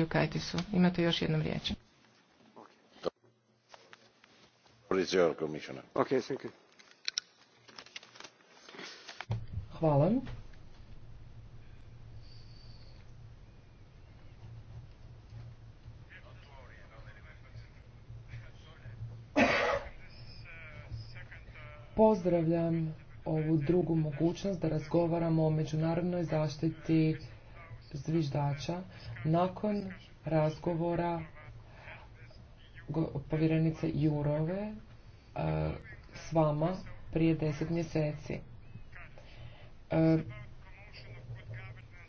Andriju Imate još jednom riječ. Hvala. Pozdravljam ovu drugu mogućnost da razgovaramo o međunarodnoj zaštiti zviždača nakon razgovora povjerenice Jurove e, s vama prije deset mjeseci. E,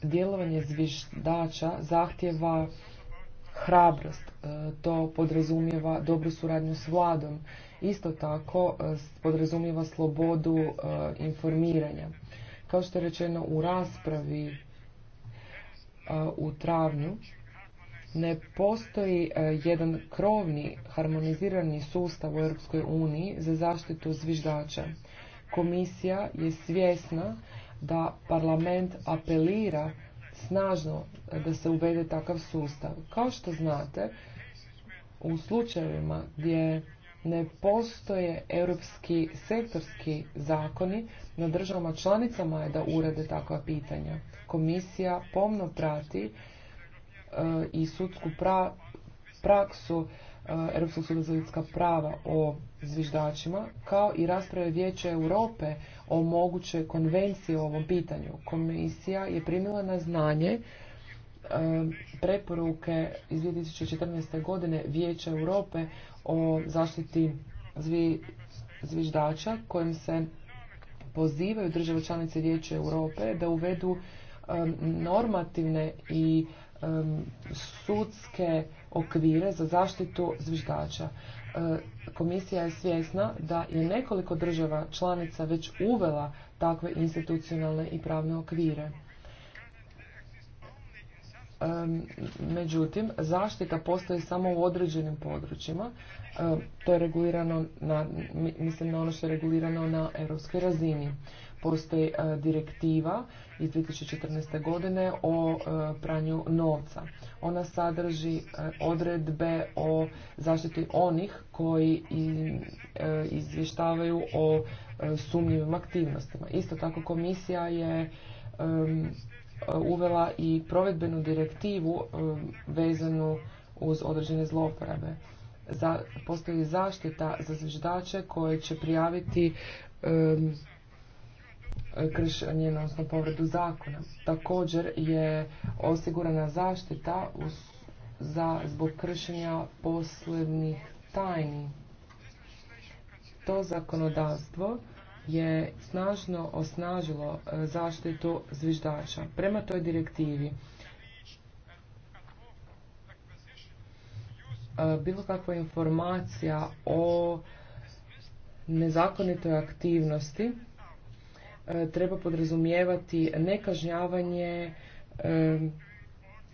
djelovanje zviždača zahtjeva hrabrost, e, to podrazumijeva dobru suradnju s vladom, isto tako podrazumijeva slobodu informiranja. Kao što je rečeno u raspravi u travnju ne postoji jedan krovni harmonizirani sustav u Europskoj uniji za zaštitu zviždača. Komisija je svjesna da parlament apelira snažno da se uvede takav sustav. Kao što znate, u slučajevima gdje ne postoje europski sektorski zakoni, na državama članicama je da urede takva pitanja. Komisija pomno prati e, i sudsku praksu e, Europskog suda za ljudska prava o zviždačima, kao i rasprave Vijeća Europe o mogućoj konvenciji o ovom pitanju. Komisija je primila na znanje Um, preporuke iz 2014. godine Vijeća Europe o zaštiti zvi, zviždača kojim se pozivaju države članice Vijeća Europe da uvedu um, normativne i um, sudske okvire za zaštitu zviždača. Uh, komisija je svjesna da je nekoliko država članica već uvela takve institucionalne i pravne okvire. Međutim, zaštita postoji samo u određenim područjima. To je regulirano, na, mislim na ono što je regulirano na europskoj razini. Postoji e, direktiva iz 2014. godine o e, pranju novca. Ona sadrži e, odredbe o zaštiti onih koji izvještavaju o sumnjivim aktivnostima. Isto tako komisija je Eh, uvela i provedbenu direktivu eh, vezanu uz određene zlouporabe. Za, postoji zaštita za zviždače koje će prijaviti kršenje, odnosno povredu zakona. Također je osigurana zaštita zbog kršenja poslovnih tajni. To zakonodavstvo je snažno osnažilo e, zaštitu zviždača. Prema toj direktivi e, bilo kakva informacija o nezakonitoj aktivnosti e, treba podrazumijevati nekažnjavanje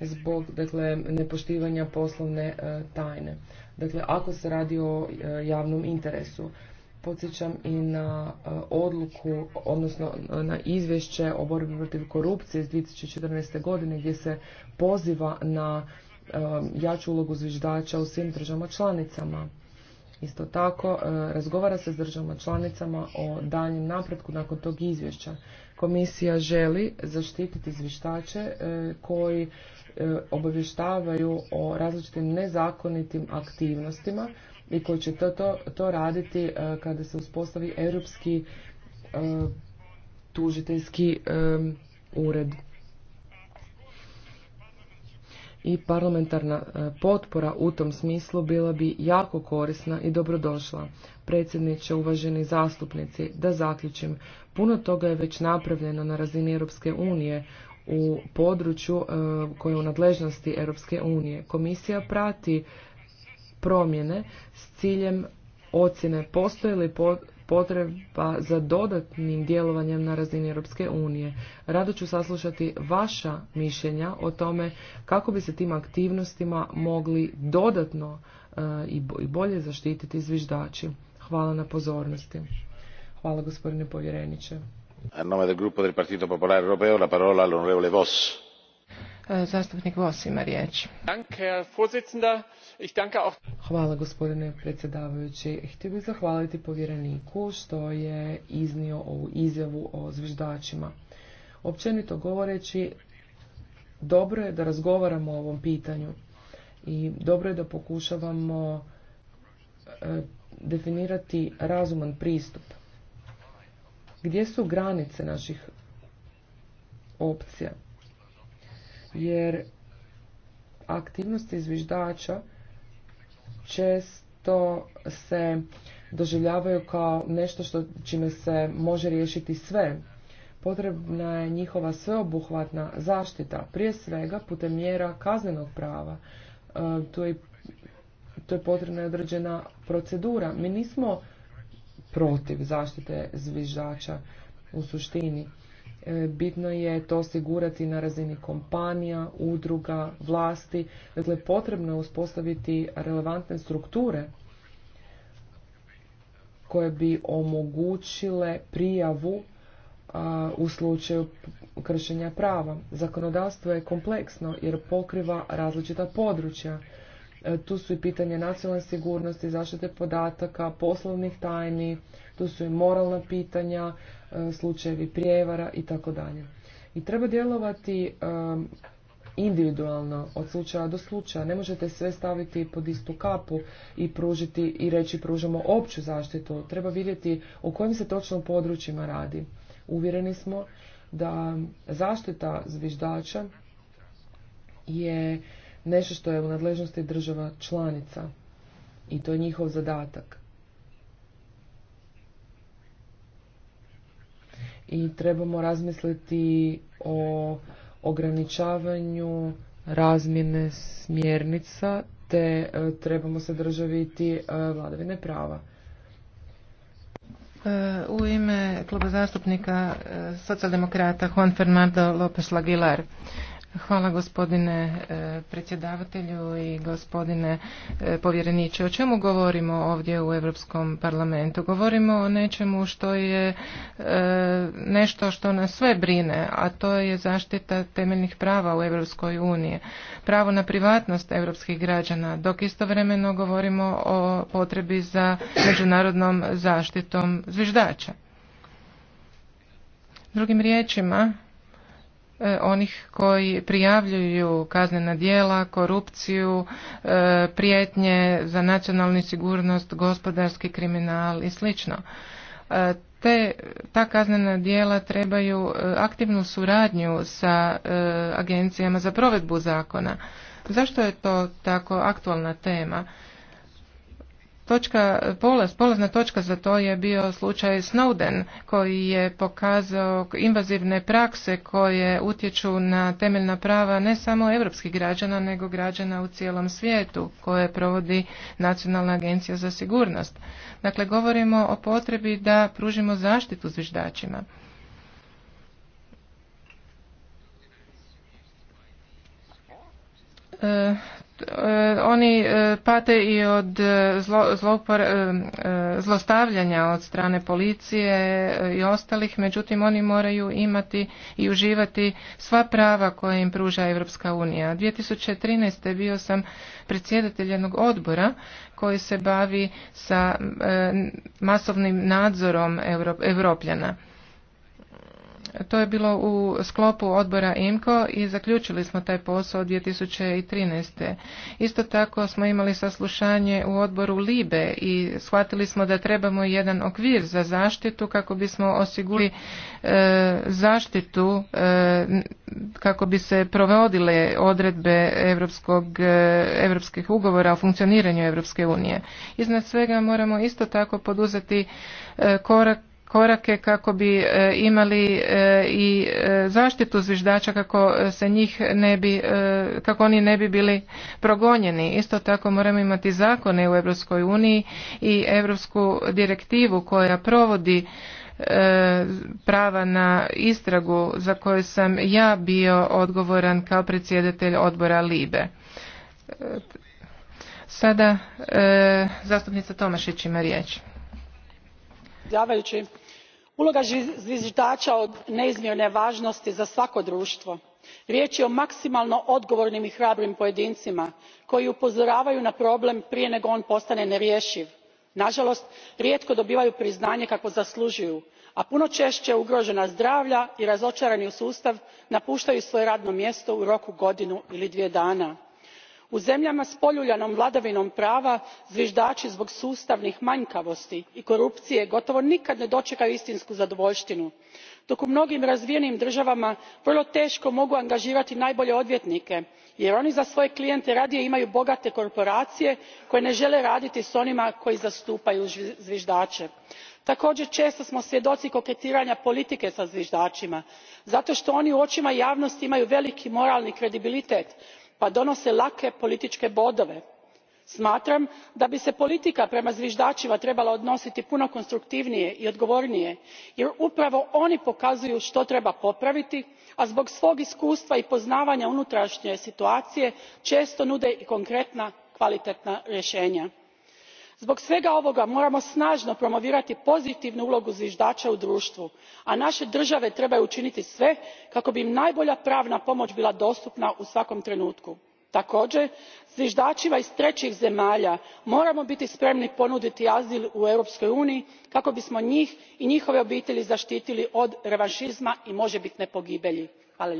zbog dakle, nepoštivanja poslovne tajne. Dakle, ako se radi o javnom interesu podsjećam i na e, odluku, odnosno e, na izvješće o borbi protiv korupcije iz 2014. godine gdje se poziva na e, jaču ulogu zviždača u svim državama članicama. Isto tako, razgovara se s državama članicama o daljem napretku nakon tog izvješća. Komisija želi zaštititi zvištače koji obavještavaju o različitim nezakonitim aktivnostima i koji će to, to, raditi e, kada se uspostavi europski e, tužiteljski e, ured. I parlamentarna potpora u tom smislu bila bi jako korisna i dobrodošla. Predsjedniče, uvaženi zastupnici, da zaključim, puno toga je već napravljeno na razini Europske unije u području koje je u nadležnosti Europske unije. Komisija prati promjene s ciljem ocjene postoji li potreba za dodatnim djelovanjem na razini Europske unije. Rado ću saslušati vaša mišljenja o tome kako bi se tim aktivnostima mogli dodatno e, i bolje zaštititi zviždači. Hvala na pozornosti. Hvala gospodine povjereniče. nome E, zastupnik Hvala gospodine predsjedavajući. Htio bih zahvaliti povjereniku što je iznio ovu izjavu o zviždačima. Općenito govoreći, dobro je da razgovaramo o ovom pitanju i dobro je da pokušavamo e, definirati razuman pristup. Gdje su granice naših opcija? jer aktivnosti zviždača često se doživljavaju kao nešto što čime se može riješiti sve. Potrebna je njihova sveobuhvatna zaštita, prije svega putem mjera kaznenog prava. E, to, je, to je potrebna određena procedura. Mi nismo protiv zaštite zviždača u suštini bitno je to osigurati na razini kompanija, udruga, vlasti. Dakle, potrebno je uspostaviti relevantne strukture koje bi omogućile prijavu u slučaju kršenja prava. Zakonodavstvo je kompleksno jer pokriva različita područja. E, tu su i pitanje nacionalne sigurnosti, zaštite podataka, poslovnih tajni, tu su i moralna pitanja, E, slučajevi prijevara i tako dalje. I treba djelovati e, individualno od slučaja do slučaja. Ne možete sve staviti pod istu kapu i pružiti i reći pružamo opću zaštitu. Treba vidjeti o kojim se točno područjima radi. Uvjereni smo da zaštita zviždača je nešto što je u nadležnosti država članica i to je njihov zadatak. i trebamo razmisliti o ograničavanju razmjene smjernica te e, trebamo se državiti e, vladavine prava. E, u ime kluba zastupnika socijaldemokrata Juan Fernando López Laguilar. Hvala gospodine e, predsjedavatelju i gospodine e, povjereniče. O čemu govorimo ovdje u Europskom parlamentu? Govorimo o nečemu što je e, nešto što nas sve brine, a to je zaštita temeljnih prava u Europskoj uniji. Pravo na privatnost europskih građana, dok istovremeno govorimo o potrebi za međunarodnom zaštitom zviždača. Drugim riječima, E, onih koji prijavljuju kaznena djela, korupciju, e, prijetnje za nacionalnu sigurnost, gospodarski kriminal i sl. E, te, ta kaznena djela trebaju aktivnu suradnju sa agencijama za provedbu zakona. Zašto je to tako aktualna tema? Točka, polaz, polazna točka za to je bio slučaj Snowden koji je pokazao invazivne prakse koje utječu na temeljna prava ne samo europskih građana nego građana u cijelom svijetu koje provodi Nacionalna agencija za sigurnost. Dakle, govorimo o potrebi da pružimo zaštitu zviždačima. E, Eh, oni eh, pate i od eh, zlo, zlostavljanja od strane policije i ostalih, međutim oni moraju imati i uživati sva prava koje im pruža Europska unija. 2013. bio sam predsjedatelj jednog odbora koji se bavi sa masovnim nadzorom Evropljana. To je bilo u sklopu odbora IMCO i zaključili smo taj posao 2013. Isto tako smo imali saslušanje u odboru LIBE i shvatili smo da trebamo jedan okvir za zaštitu kako bismo osigurali e, zaštitu e, kako bi se provodile odredbe europskog europskih ugovora o funkcioniranju Europske unije. Iznad svega moramo isto tako poduzeti e, korak korake kako bi e, imali e, i e, zaštitu zviždača kako se njih ne bi, kako oni ne bi bili progonjeni. Isto tako moramo imati zakone u Europskoj uniji i europsku direktivu koja provodi prava na istragu za koju sam ja bio odgovoran kao predsjedatelj odbora Libe. Sada zastupnica Tomašić ima riječ uloga zviždača od neizmjerne je važnosti za svako društvo. riječ je o maksimalno odgovornim i hrabrim pojedincima koji upozoravaju na problem prije nego on postane nerješiv. nažalost rijetko dobivaju priznanje kakvo zaslužuju a puno češće ugrožena zdravlja i razočarani u sustav napuštaju svoje radno mjesto u roku godinu ili dvije dana u zemljama s poljuljanom vladavinom prava zviždači zbog sustavnih manjkavosti i korupcije gotovo nikad ne dočekaju istinsku zadovoljštinu dok u mnogim razvijenim državama vrlo teško mogu angažirati najbolje odvjetnike jer oni za svoje klijente radije imaju bogate korporacije koje ne žele raditi s onima koji zastupaju zviždače. također često smo svjedoci koketiranja politike sa zviždačima zato što oni u očima javnosti imaju veliki moralni kredibilitet pa donose lake političke bodove. smatram da bi se politika prema zviždačima trebala odnositi puno konstruktivnije i odgovornije jer upravo oni pokazuju što treba popraviti a zbog svog iskustva i poznavanja unutrašnje situacije često nude i konkretna kvalitetna rješenja zbog svega ovoga moramo snažno promovirati pozitivnu ulogu zviždača u društvu a naše države trebaju učiniti sve kako bi im najbolja pravna pomoć bila dostupna u svakom trenutku. također zviždačima iz trećih zemalja moramo biti spremni ponuditi azil u europskoj uniji kako bismo njih i njihove obitelji zaštitili od revanšizma i možebitne pogibelji. hvala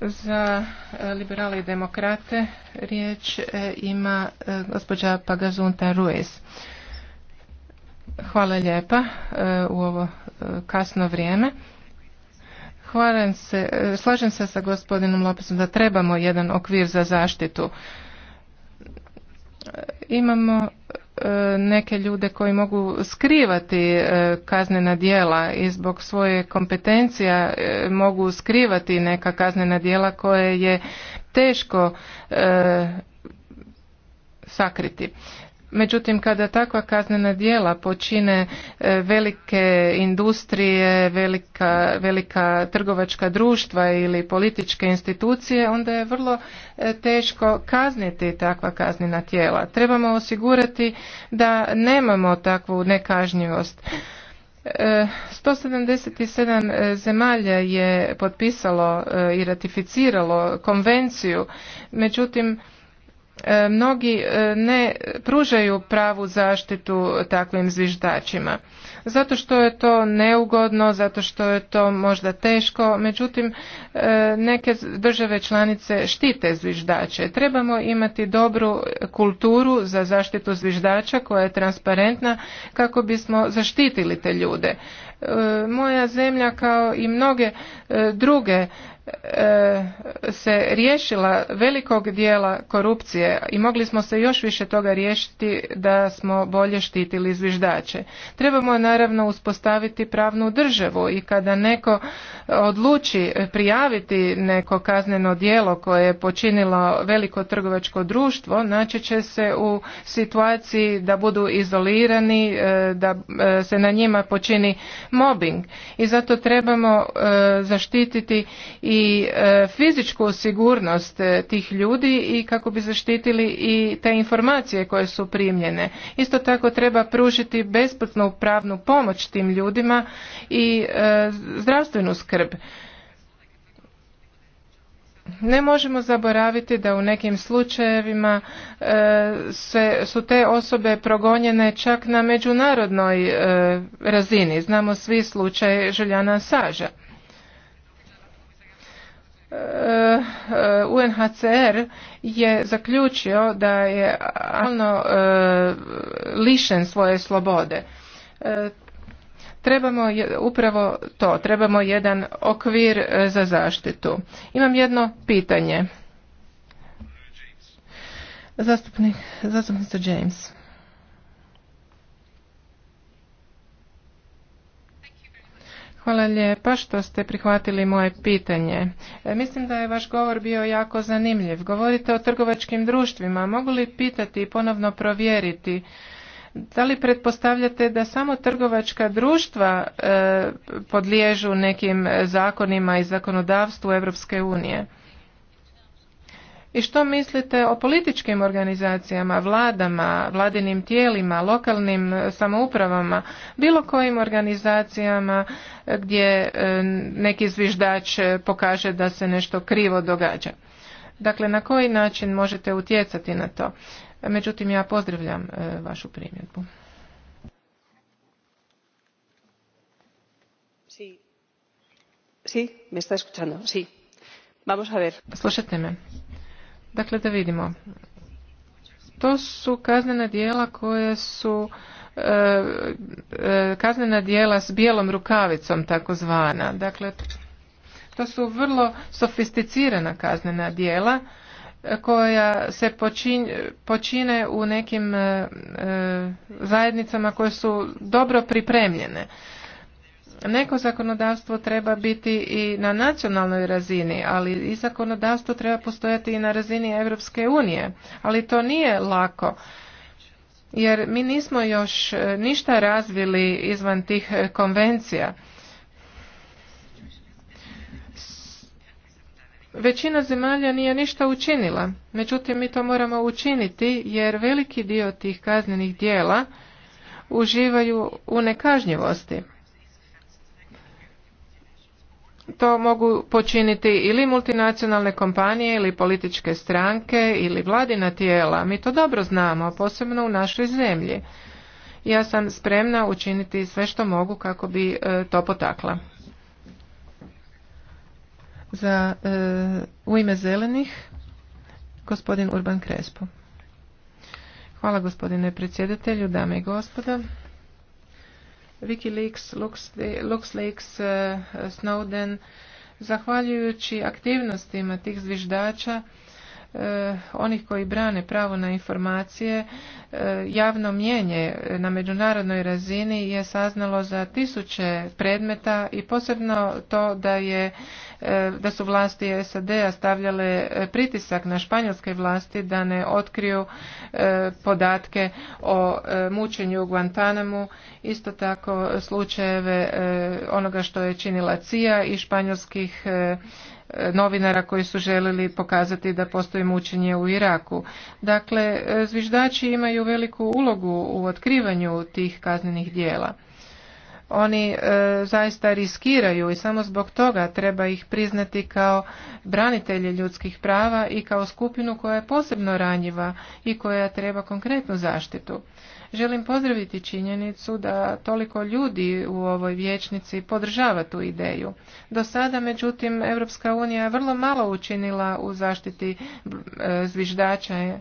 za e, liberale i demokrate riječ e, ima e, gospođa Pagazunta Ruiz. Hvala lijepa u ovo kasno vrijeme. se, slažem se sa gospodinom Lopesom da trebamo jedan okvir za zaštitu. Imamo E, neke ljude koji mogu skrivati e, kaznena djela i zbog svoje kompetencija e, mogu skrivati neka kaznena djela koje je teško sakriti Međutim, kada takva kaznena djela počine e, velike industrije, velika, velika trgovačka društva ili političke institucije, onda je vrlo e, teško kazniti takva kaznena tijela. Trebamo osigurati da nemamo takvu nekažnjivost. 177 e, zemalja je potpisalo i ratificiralo konvenciju, međutim E, mnogi e, ne pružaju pravu zaštitu takvim zviždačima. Zato što je to neugodno, zato što je to možda teško, međutim e, neke države članice štite zviždače. Trebamo imati dobru kulturu za zaštitu zviždača koja je transparentna kako bismo zaštitili te ljude. Moja zemlja kao i mnoge druge E, se riješila velikog dijela korupcije i mogli smo se još više toga riješiti da smo bolje štitili zviždače. Trebamo naravno uspostaviti pravnu državu i kada neko odluči prijaviti neko kazneno djelo koje je počinilo veliko trgovačko društvo, naći će se u situaciji da budu izolirani, e, da e, se na njima počini mobbing i zato trebamo zaštititi i i e, fizičku sigurnost e, tih ljudi i kako bi zaštitili i te informacije koje su primljene. Isto tako treba pružiti besplatnu pravnu pomoć tim ljudima i e, zdravstvenu skrb. Ne možemo zaboraviti da u nekim slučajevima se, su te osobe progonjene čak na međunarodnoj razini. Znamo svi slučaj Željana Saža. UNHCR je zaključio da je alno e, lišen svoje slobode. E, trebamo upravo to, trebamo jedan okvir e, za zaštitu. Imam jedno pitanje. Zastupnik, zastupnica James. Hvala lijepa što ste prihvatili moje pitanje. E, mislim da je vaš govor bio jako zanimljiv. Govorite o trgovačkim društvima. Mogu li pitati i ponovno provjeriti da li pretpostavljate da samo trgovačka društva e, podliježu nekim zakonima i zakonodavstvu Europske unije? I što mislite o političkim organizacijama, vladama, vladinim tijelima, lokalnim e, samoupravama, bilo kojim organizacijama e, gdje e, neki zviždač pokaže da se nešto krivo događa? Dakle, na koji način možete utjecati na to? Međutim, ja pozdravljam vašu primjedbu. Sí, me está escuchando. Vamos a ver. Slušajte me. Dakle, da vidimo. To su kaznena dijela koje su e, e, kaznena dijela s bijelom rukavicom takozvana. Dakle, to su vrlo sofisticirana kaznena dijela e, koja se počine u nekim zajednicama koje su dobro pripremljene. Neko zakonodavstvo treba biti i na nacionalnoj razini, ali i zakonodavstvo treba postojati i na razini Europske unije, ali to nije lako. Jer mi nismo još e, ništa razvili izvan tih e, konvencija. Većina zemalja nije ništa učinila, međutim mi to moramo učiniti jer veliki dio tih kaznenih dijela uživaju u nekažnjivosti to mogu počiniti ili multinacionalne kompanije ili političke stranke ili vladina tijela. Mi to dobro znamo, posebno u našoj zemlji. Ja sam spremna učiniti sve što mogu kako bi e, to potakla. Za, e, u ime zelenih, gospodin Urban Krespo. Hvala gospodine predsjedatelju, dame i gospoda. Wikileaks, LuxLeaks, eh, Snowden. Zahvaljujući aktivnostima tih zviždača E, onih koji brane pravo na informacije e, javno mjenje na međunarodnoj razini je saznalo za tisuće predmeta i posebno to da je e, da su vlasti SAD-a stavljale pritisak na španjolske vlasti da ne otkriju podatke o mučenju u Guantanamu, isto tako slučajeve onoga što je činila CIA i španjolskih novinara koji su željeli pokazati da postoji mučenje u Iraku. Dakle, e, zviždači imaju veliku ulogu u otkrivanju tih kaznenih dijela oni e, zaista riskiraju i samo zbog toga treba ih priznati kao branitelje ljudskih prava i kao skupinu koja je posebno ranjiva i koja treba konkretnu zaštitu. Želim pozdraviti činjenicu da toliko ljudi u ovoj vječnici podržava tu ideju. Do sada, međutim, Europska unija vrlo malo učinila u zaštiti e, zviždača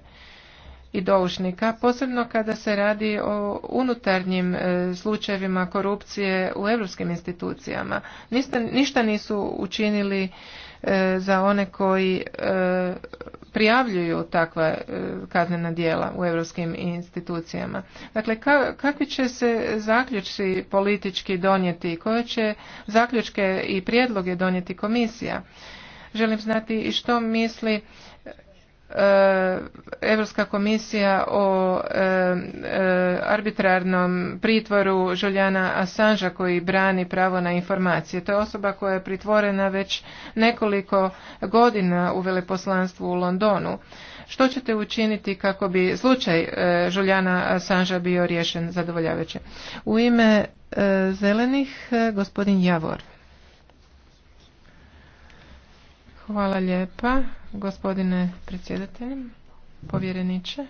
i doušnika, posebno kada se radi o unutarnjim e, slučajevima korupcije u europskim institucijama. ništa nisu učinili e, za one koji e, prijavljuju takva kaznena djela u europskim institucijama. Dakle, kakvi će se zaključci politički donijeti, koje će zaključke i prijedloge donijeti komisija? Želim znati i što misli Europska komisija o e, e, arbitrarnom pritvoru Žuljana Assangea koji brani pravo na informacije. To je osoba koja je pritvorena već nekoliko godina u veleposlanstvu u Londonu. Što ćete učiniti kako bi slučaj e, Žuljana bio riješen zadovoljavajuće? U ime e, zelenih gospodin Javor. Hvala lijepa, gospodine predsjedatelju, povjereniče.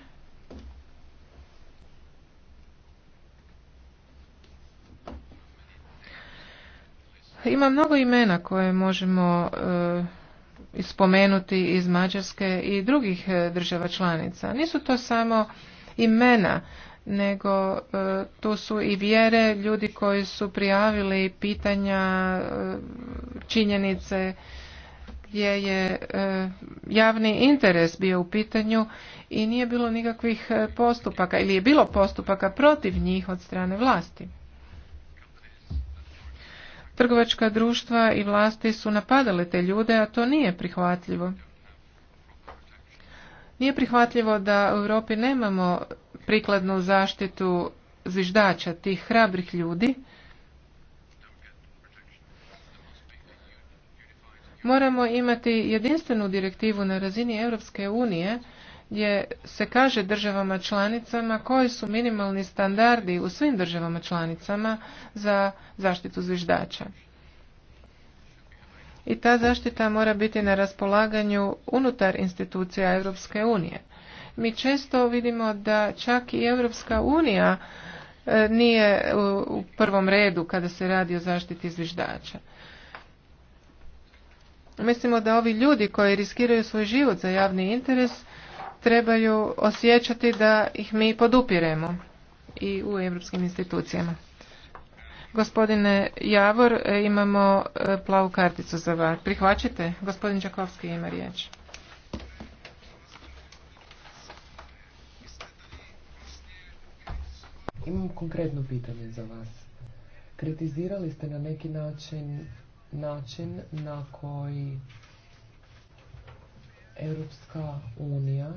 Ima mnogo imena koje možemo e, ispomenuti spomenuti iz Mađarske i drugih e, država članica. Nisu to samo imena, nego e, tu su i vjere ljudi koji su prijavili pitanja, činjenice gdje je e, javni interes bio u pitanju i nije bilo nikakvih e, postupaka ili je bilo postupaka protiv njih od strane vlasti. Trgovačka društva i vlasti su napadale te ljude, a to nije prihvatljivo. Nije prihvatljivo da u Europi nemamo prikladnu zaštitu zviždača, tih hrabrih ljudi Moramo imati jedinstvenu direktivu na razini Europske unije gdje se kaže državama članicama koji su minimalni standardi u svim državama članicama za zaštitu zviždača. I ta zaštita mora biti na raspolaganju unutar institucija Europske unije. Mi često vidimo da čak i Europska unija e, nije u prvom redu kada se radi o zaštiti zviždača. Mislimo da ovi ljudi koji riskiraju svoj život za javni interes trebaju osjećati da ih mi podupiremo i u europskim institucijama. Gospodine Javor, e, imamo e, plavu karticu za vas. Prihvaćate? Gospodin Čakovski ima riječ. Imam konkretno pitanje za vas. Kritizirali ste na neki način način na koji Europska unija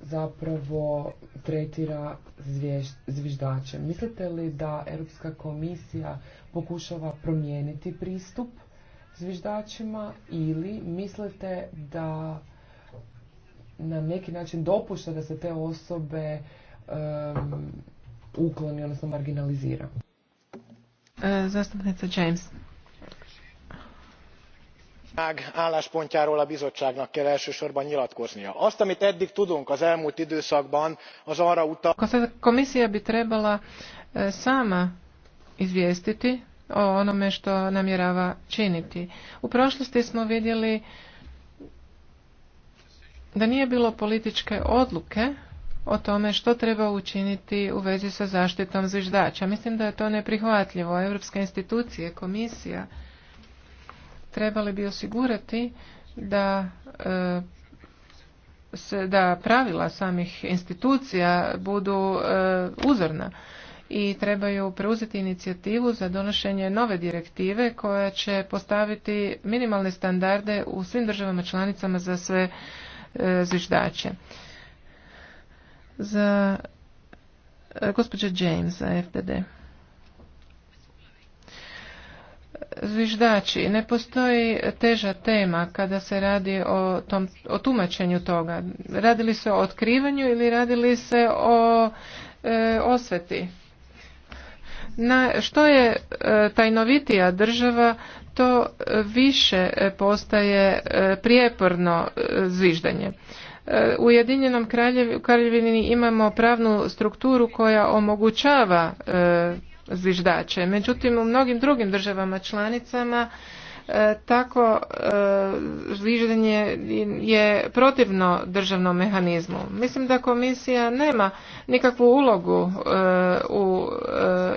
zapravo tretira zviždače. Mislite li da Europska komisija pokušava promijeniti pristup zviždačima ili mislite da na neki način dopušta da se te osobe ukloni, odnosno marginalizira? Zastupnica James. álláspontjáról a bizottságnak kell elsősorban nyilatkoznia. azt amit eddig tudunk az elmúlt időszakban az arra utal. komisija bi trebala e, sama izvijestiti o onome što namjerava činiti. u prošlosti smo vidjeli da nije bilo političke odluke o tome što treba učiniti u vezi sa zaštitom zviždača. Mislim da je to neprihvatljivo. Europske institucije, komisija trebali bi osigurati da e, se, da pravila samih institucija budu e, uzorna i trebaju preuzeti inicijativu za donošenje nove direktive koja će postaviti minimalne standarde u svim državama članicama za sve e, zviždače za e, gospođa James za FDD. Zviždači, ne postoji teža tema kada se radi o, tom, o tumačenju toga. Radili se o otkrivanju ili radili se o e, osveti? Na, što je e, tajnovitija država, to više postaje e, prijeporno zviždanje. E, u Ujedinjenom kraljevini imamo pravnu strukturu koja omogućava e, zviždače. Međutim, u mnogim drugim državama članicama E, tako zviždenje e, je protivno državnom mehanizmu. Mislim da komisija nema nikakvu ulogu e, u,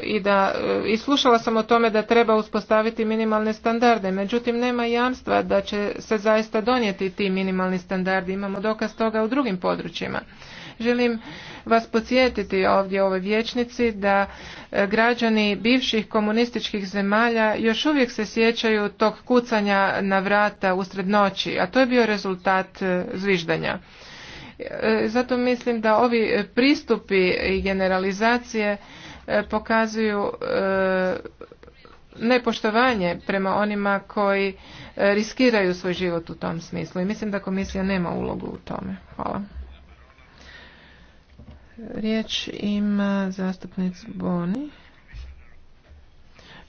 i da i slušala sam o tome da treba uspostaviti minimalne standarde, međutim nema jamstva da će se zaista donijeti ti minimalni standardi. Imamo dokaz toga u drugim područjima. Želim vas podsjetiti ovdje ovoj vječnici da e, građani bivših komunističkih zemalja još uvijek se sjećaju tog kucanja na vrata usred noći, a to je bio rezultat e, zviždanja. E, zato mislim da ovi pristupi i generalizacije pokazuju nepoštovanje prema onima koji riskiraju svoj život u tom smislu i mislim da komisija nema ulogu u tome. Hvala. Riječ ima zastupnic Boni.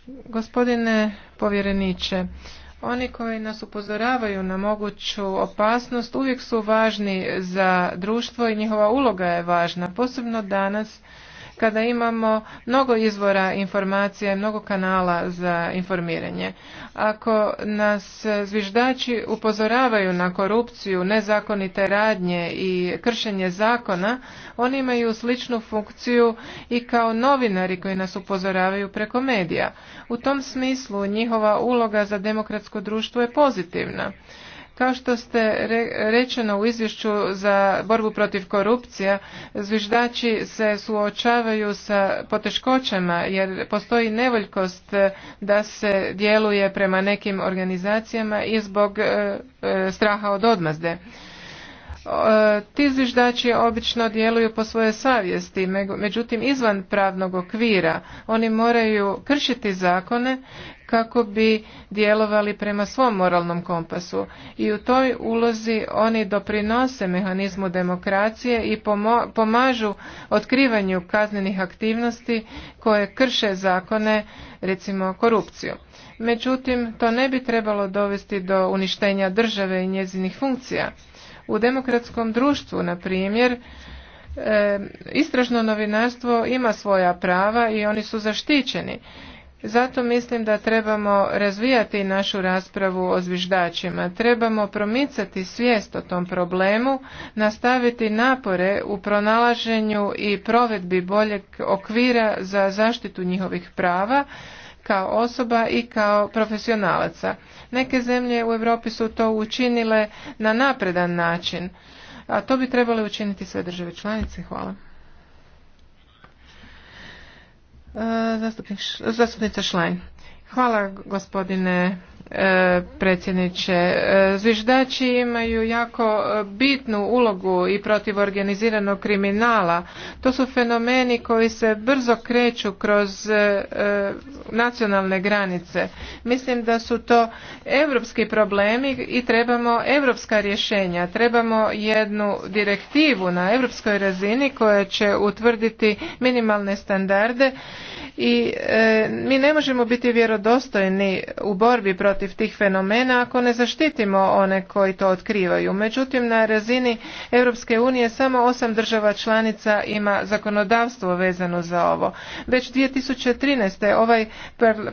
Gospodine povjereniče, oni koji nas upozoravaju na moguću opasnost uvijek su važni za društvo i njihova uloga je važna, posebno danas kada imamo mnogo izvora informacija i mnogo kanala za informiranje. Ako nas zviždači upozoravaju na korupciju, nezakonite radnje i kršenje zakona, oni imaju sličnu funkciju i kao novinari koji nas upozoravaju preko medija. U tom smislu njihova uloga za demokratsko društvo je pozitivna. Kao što ste rečeno u izvješću za borbu protiv korupcija, zviždači se suočavaju sa poteškoćama jer postoji nevoljkost da se djeluje prema nekim organizacijama i zbog e, e, straha od odmazde. E, ti zviždači obično djeluju po svojoj savjesti, međutim izvan pravnog okvira. Oni moraju kršiti zakone kako bi djelovali prema svom moralnom kompasu i u toj ulozi oni doprinose mehanizmu demokracije i pomažu otkrivanju kaznenih aktivnosti koje krše zakone recimo korupciju međutim to ne bi trebalo dovesti do uništenja države i njezinih funkcija u demokratskom društvu na primjer e, istražno novinarstvo ima svoja prava i oni su zaštićeni zato mislim da trebamo razvijati našu raspravu o zviždačima. Trebamo promicati svijest o tom problemu, nastaviti napore u pronalaženju i provedbi boljeg okvira za zaštitu njihovih prava kao osoba i kao profesionalaca. Neke zemlje u Europi su to učinile na napredan način, a to bi trebale učiniti sve države članice. Hvala. Zastupnica Šlajn. Hvala gospodine E, predsjedniče. E, zviždači imaju jako e, bitnu ulogu i protiv organiziranog kriminala. To su fenomeni koji se brzo kreću kroz nacionalne granice. Mislim da su to europski problemi i trebamo europska rješenja. Trebamo jednu direktivu na europskoj razini koja će utvrditi minimalne standarde i mi ne možemo biti vjerodostojni u borbi protiv protiv tih fenomena ako ne zaštitimo one koji to otkrivaju. Međutim, na razini Europske unije samo osam država članica ima zakonodavstvo vezano za ovo. Već 2013. ovaj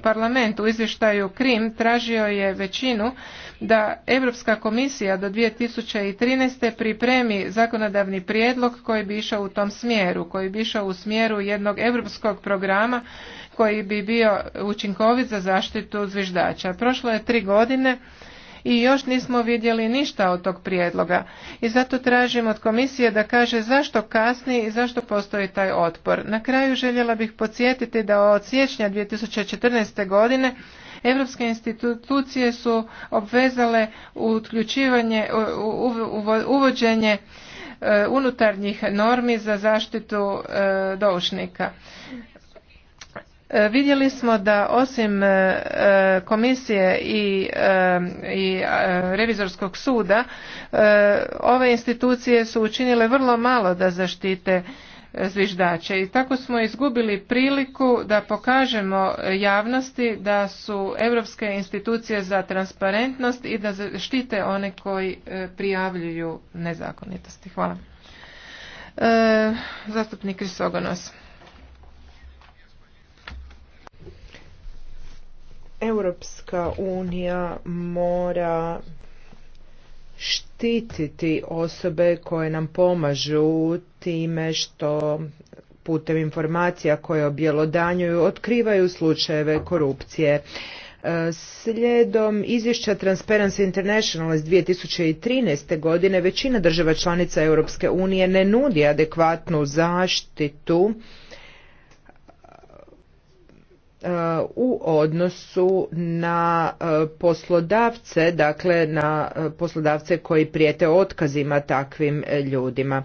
parlament u izvještaju Krim tražio je većinu da Europska komisija do 2013. pripremi zakonodavni prijedlog koji bi išao u tom smjeru, koji bi išao u smjeru jednog europskog programa koji bi bio učinkovit za zaštitu zviždača. Prošlo je tri godine i još nismo vidjeli ništa od tog prijedloga. I zato tražim od komisije da kaže zašto kasni i zašto postoji taj otpor. Na kraju željela bih podsjetiti da od siječnja 2014. godine Europske institucije su obvezale uključivanje, uvođenje e, unutarnjih normi za zaštitu e, doušnika. E, vidjeli smo da osim e, e, komisije i, revizorskog suda ove institucije su učinile vrlo malo da zaštite zviždače i tako smo izgubili priliku da pokažemo javnosti da su europske institucije za transparentnost i da štite one koji prijavljuju nezakonitosti. Hvala. zastupnik Krisogonos. Europska unija mora štititi osobe koje nam pomažu time što putem informacija koje objelodanjuju otkrivaju slučajeve korupcije. E, slijedom izvješća Transparency International iz 2013. godine većina država članica Europske unije ne nudi adekvatnu zaštitu E, u odnosu na e, poslodavce, dakle na e, poslodavce koji prijete otkazima takvim ljudima.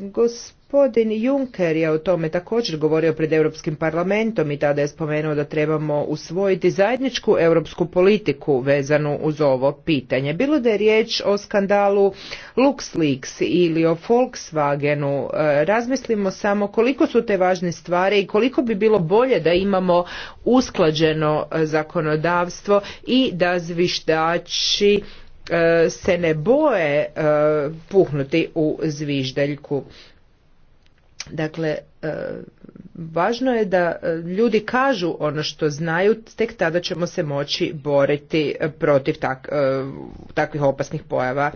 Gospodin Gospodin Juncker je o tome također govorio pred Europskim parlamentom i tada je spomenuo da trebamo usvojiti zajedničku europsku politiku vezanu uz ovo pitanje. Bilo da je riječ o skandalu LuxLeaks ili o Volkswagenu, e, razmislimo samo koliko su te važne stvari i koliko bi bilo bolje da imamo usklađeno e, zakonodavstvo i da zviždači e, se ne boje puhnuti u zviždeljku. Dakle, e, važno je da e, ljudi kažu ono što znaju, tek tada ćemo se moći boriti e, protiv tak, takvih opasnih pojava.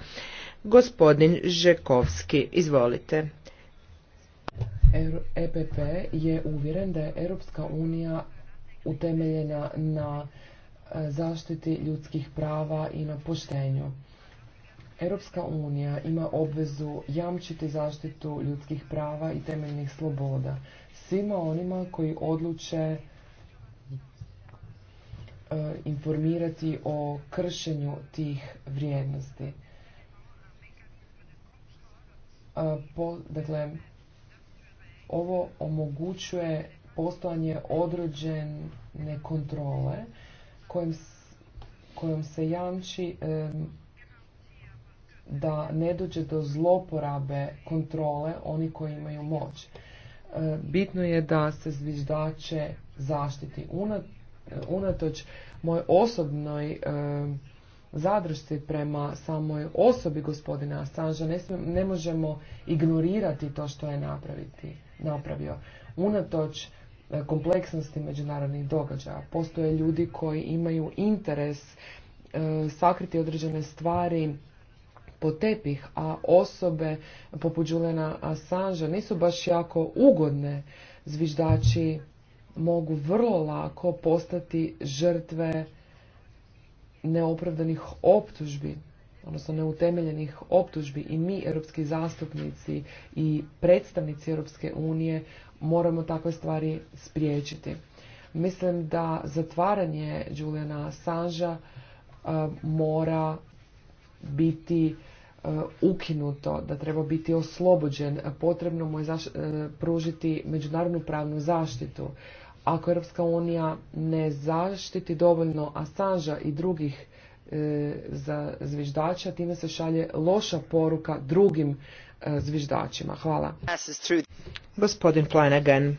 Gospodin Žekovski, izvolite. EPP je uvjeren da je Europska unija utemeljena na zaštiti ljudskih prava i na poštenju. Europska unija ima obvezu jamčiti zaštitu ljudskih prava i temeljnih sloboda svima onima koji odluče e, informirati o kršenju tih vrijednosti. E, po, dakle, ovo omogućuje postojanje određene kontrole kojom, se jamči da ne dođe do zloporabe kontrole oni koji imaju moć. E, bitno je da se zviždače zaštiti. Unatoč moj osobnoj e, zadršci prema samoj osobi gospodina Assange ne, možemo ignorirati to što je napraviti, napravio. Unatoč e, kompleksnosti međunarodnih događaja. Postoje ljudi koji imaju interes sakriti određene stvari pod tepih, a osobe poput Juliana Assange nisu baš jako ugodne. Zviždači mogu vrlo lako postati žrtve neopravdanih optužbi, odnosno neutemeljenih optužbi i mi, europski zastupnici i predstavnici Europske unije, moramo takve stvari spriječiti. Mislim da zatvaranje Juliana Sanža eh, mora biti E, ukinuto, da treba biti oslobođen, potrebno mu je e, pružiti međunarodnu pravnu zaštitu. Ako Europska unija ne zaštiti dovoljno Asanža i drugih e, za zviždača, time se šalje loša poruka drugim zviždačima. Hvala. Gospodin Flanagan,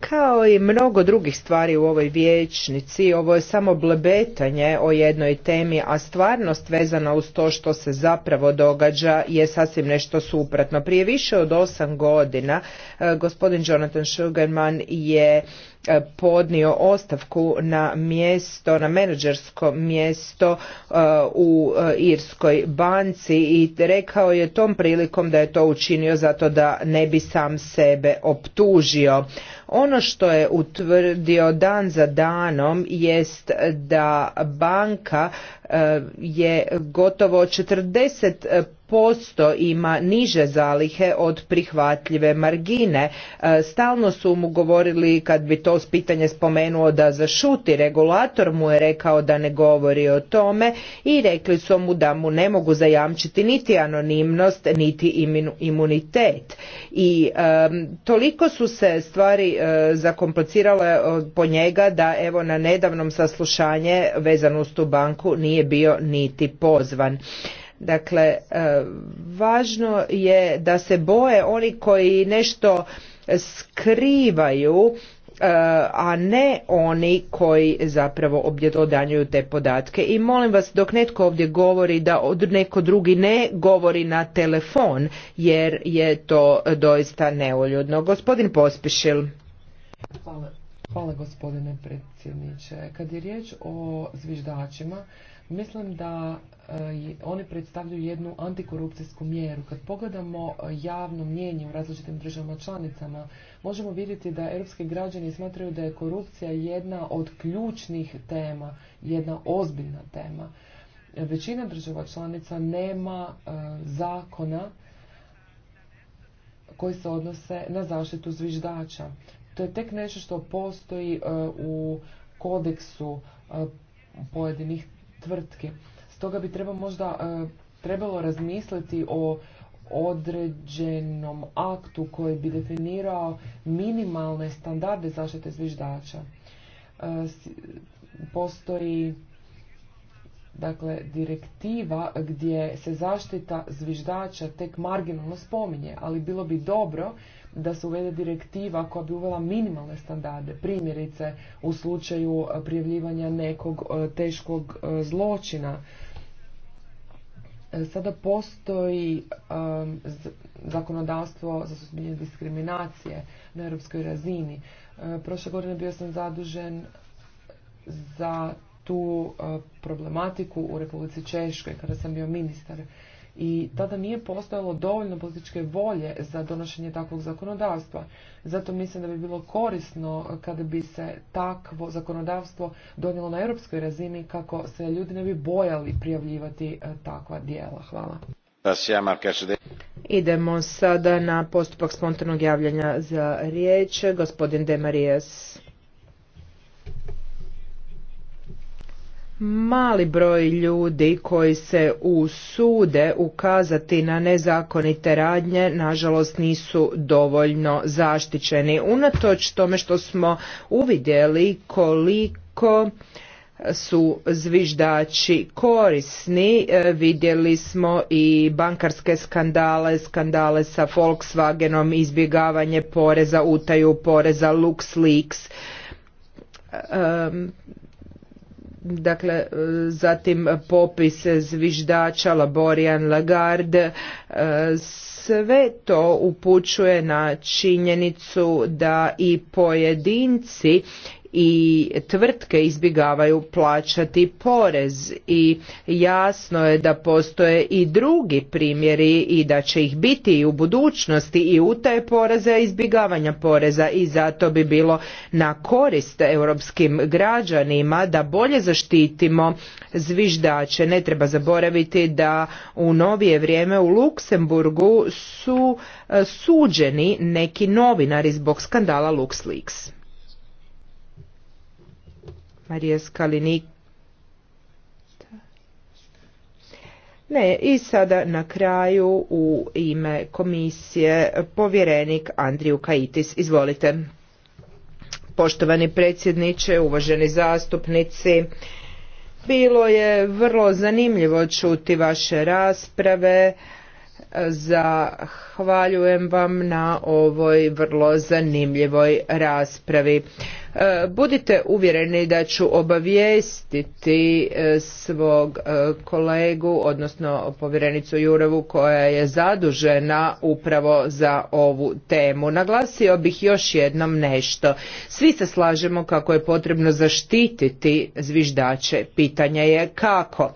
kao i mnogo drugih stvari u ovoj vijećnici, ovo je samo blebetanje o jednoj temi, a stvarnost vezana uz to što se zapravo događa je sasvim nešto suprotno. Prije više od osam godina eh, gospodin Jonathan Sugarman je E, podnio ostavku na mjesto, na menadžersko mjesto e, u e, Irskoj banci i rekao je tom prilikom da je to učinio zato da ne bi sam sebe optužio. Ono što je utvrdio dan za danom jest da banka je gotovo 40 posto ima niže zalihe od prihvatljive margine. E, stalno su mu govorili kad bi to pitanje spomenuo da zašuti, regulator mu je rekao da ne govori o tome i rekli su mu da mu ne mogu zajamčiti niti anonimnost niti imunitet. I toliko su se stvari e, zakomplicirale e, po njega da evo na nedavnom saslušanje vezano uz tu banku nije bio niti pozvan. Dakle, e, važno je da se boje oni koji nešto skrivaju, e, a ne oni koji zapravo odanjuju te podatke. I molim vas, dok netko ovdje govori da neko drugi ne govori na telefon, jer je to doista neuljudno. Gospodin Pospišil. Hvala. Hvala gospodine predsjedniče. Kad je riječ o zviždačima, mislim da e, oni predstavljaju jednu antikorupcijsku mjeru. Kad pogledamo e, javno mnjenje u različitim državama članicama, možemo vidjeti da europski građani smatraju da je korupcija jedna od ključnih tema, jedna ozbiljna tema. Većina država članica nema e, zakona koji se odnose na zaštitu zviždača. To je tek nešto što postoji e, u kodeksu e, pojedinih tvrtki. Stoga bi treba možda e, trebalo razmisliti o određenom aktu koji bi definirao minimalne standarde zaštite zviždača. Postoji dakle direktiva gdje se zaštita zviždača tek marginalno spominje, ali bilo bi dobro da se uvede direktiva koja bi uvela minimalne standarde, primjerice u slučaju e, prijavljivanja nekog e, teškog e, zločina. Sada postoji zakonodavstvo za suzbijanje diskriminacije na europskoj razini. prošle godine bio sam zadužen za tu problematiku u Republici Češkoj kada sam bio ministar i tada nije postojalo dovoljno političke volje za donošenje takvog zakonodavstva. Zato mislim da bi bilo korisno kada bi se takvo zakonodavstvo donijelo na europskoj razini kako se ljudi ne bi bojali prijavljivati e, takva dijela. Hvala. Idemo sada na postupak spontanog javljanja za riječ. Gospodin Demarijas. mali broj ljudi koji se usude ukazati na nezakonite radnje nažalost nisu dovoljno zaštićeni unatoč tome što smo uvidjeli koliko su zviždači korisni. E, vidjeli smo i bankarske skandale, skandale sa Volkswagenom, izbjegavanje poreza, utaju poreza, LuxLeaks. E, dakle e, zatim popis zviždača Laborian Lagarde e, sve to upućuje na činjenicu da i pojedinci i tvrtke izbjegavaju plaćati porez i jasno je da postoje i drugi primjeri i da će ih biti i u budućnosti i utaje poreza i izbjegavanja poreza i zato bi bilo na korist europskim građanima da bolje zaštitimo zviždače. Ne treba zaboraviti da u novije vrijeme u Luksemburgu su e, suđeni neki novinari zbog skandala LuxLeaks. Marija Skalinik. Ne, i sada na kraju u ime komisije povjerenik Andriju Kaitis. Izvolite. Poštovani predsjedniče, uvaženi zastupnici, bilo je vrlo zanimljivo čuti vaše rasprave. Zahvaljujem vam na ovoj vrlo zanimljivoj raspravi. E, budite uvjereni da ću obavijestiti e, svog e, kolegu, odnosno povjerenicu Jurevu koja je zadužena upravo za ovu temu. Naglasio bih još jednom nešto. Svi se slažemo kako je potrebno zaštititi zviždače. Pitanje je kako.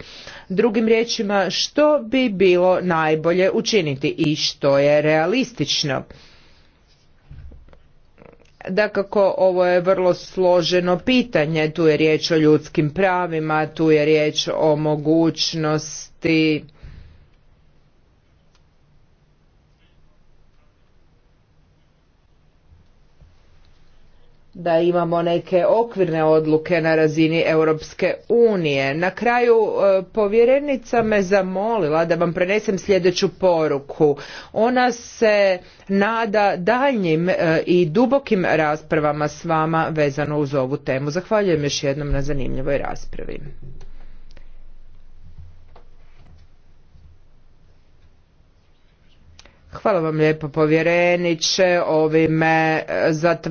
Drugim riječima, što bi bilo najbolje učiniti i što je realistično. Dakako, ovo je vrlo složeno pitanje, tu je riječ o ljudskim pravima, tu je riječ o mogućnosti da imamo neke okvirne odluke na razini Europske unije. Na kraju e, povjerenica me zamolila da vam prenesem sljedeću poruku. Ona se nada daljnjim e, i dubokim raspravama s vama vezano uz ovu temu. Zahvaljujem još jednom na zanimljivoj raspravi. Hvala vam lijepo povjereniče, ovime e, zatvrljeno.